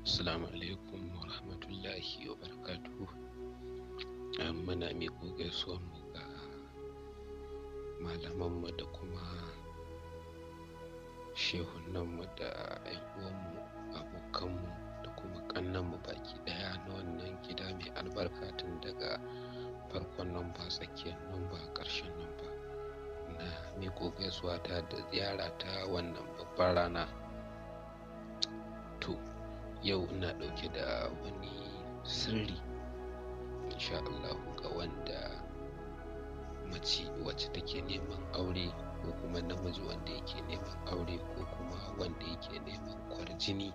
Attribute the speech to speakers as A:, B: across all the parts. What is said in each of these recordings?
A: Assalamu alaikum wa rahmatullahi wa barakatuhu. Muna ko gaisuwa mu ga malamanmu da kuma shehunanmu da ‘yan abokanmu da kuma mu baki ɗaya na wannan gida mai albarka tun daga farkon ba tsakiyar ba ƙarshen nan namba. Na ko gaisuwa ta da ziyara ta wannan babbar rana. yau ina ɗauke da wani sirri insha Allahu ga wanda mace wacce take neman aure ko kuma namiji wanda yake neman aure ko kuma wanda yake neman kwarjini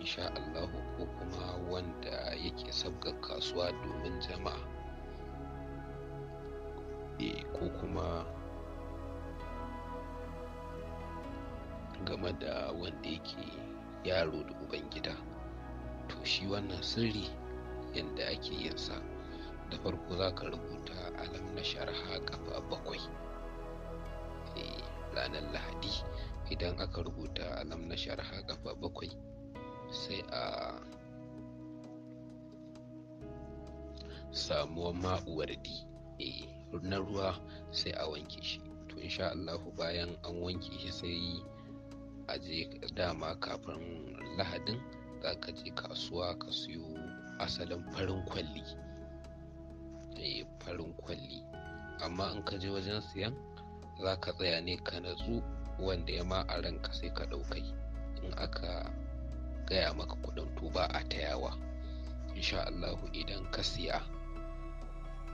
A: insha Allahu ko kuma wanda yake sabga kasuwa domin jama'a e, ko kuma game da wanda yake yaro da gida. to shi wannan sirri yadda ake yin sa da farko za ka rubuta alam na sharha kafa bakwai eh, ranar lahadi idan aka rubuta alam na sharha kafa bakwai sai a samuwar ma'uwardi eh, na ruwa sai a wanke shi to insha Allahu bayan an wanke shi sai a dama kafin lahadin za ka je kasuwa ka siyo asalin farin kwalli eh farin kwalli amma in ka je wajen siyan za ka tsaya ne ka natsu wanda ya ma a ranka sai ka ɗaukai in aka gaya maka kudin tuba ba a tayawa insha Allahu idan ka siya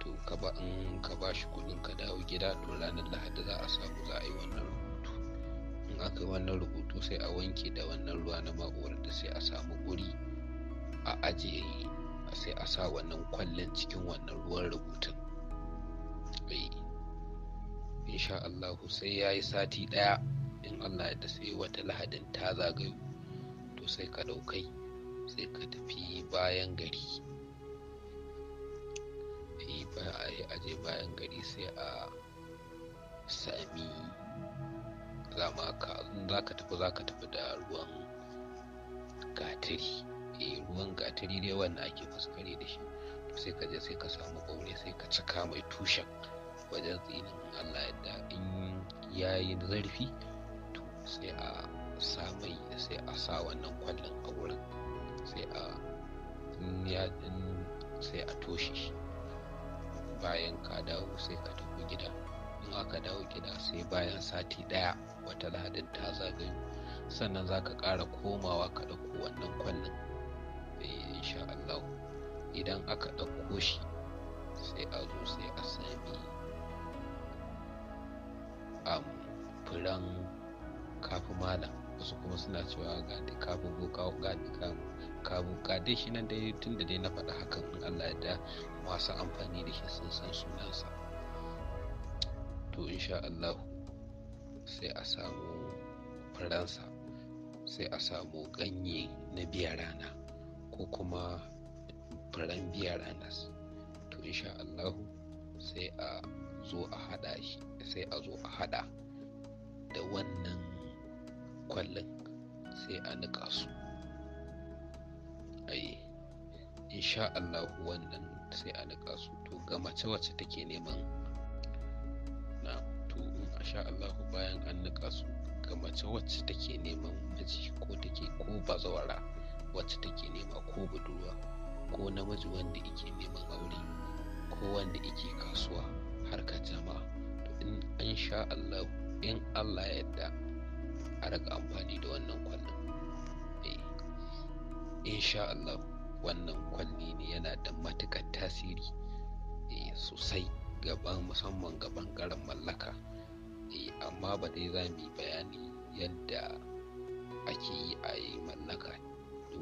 A: to ka ba in ka ba shi kuɗin ka dawo gida to ranar lahadi za a samu za a yi wannan aka wannan rubutu sai a wanke da wannan ruwa na ma'uwar da sai a samu guri a ajiye sai a sa wannan kwallon cikin wannan ruwan rubutun eh, insha Allahu sai ya yi sati ɗaya in Allah ya sai wata lahadin ta zagayo to sai ka ɗaukai sai ka tafi bayan gari eh, aje bayan gari sai a sami ma ka za ka tafi za ka tafi da ruwan gatari eh ruwan gatari dai wanda ake fuskare da shi sai ka je sai ka samu aure sai ka cika mai tushen wajen tsinin allah yadda in yayi zarfi to sai a sa sai a sa wannan kwallon a wurin sai a sai a toshe shi bayan ka dawo sai ka tafi gida aka dawo gida sai bayan sati ɗaya wata lahadin ta zagayo sannan za ka ƙara komawa ka ɗauko wannan kwallon eh, insha Allah idan aka ɗauko shi sai a zo sai a sami um, furen kafin malam wasu kuma suna cewa ga da kafin boka ga da dai shi nan dai tun da dai na faɗa hakan in Allah ya da masu amfani da shi sun san sunansa to insha Allahu sai a samu faransa sai a samu ganye na biya rana ko kuma faran biya ranas to insha Allahu sai a zo a hada sai a zo a hada da wannan kwallon sai a nika su ayi insha Allahu wannan sai a nika su to ga mace wacce take neman insha Allahu bayan an nika su ga mace wacce take neman miji ko take ko bazawara wacce take nema ko budurwa ko namiji wanda yake neman aure ko wanda yake kasuwa harka jama'a to in an sha Allah in Allah ya yarda a raka amfani da wannan kwallon eh insha Allah wannan kwalli ne yana da matukar tasiri eh, sosai gaban musamman gaban karin mallaka ne amma ba dai za mu yi bayani yadda ake yi a yi mallaka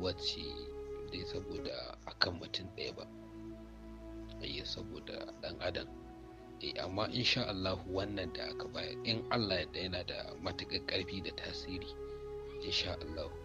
A: wacce dai saboda akan mutum ɗaya ba iya saboda ɗan adam e amma insha Allah wannan da aka bayar in Allah ya yana da matuƙar ƙarfi da tasiri insha Allah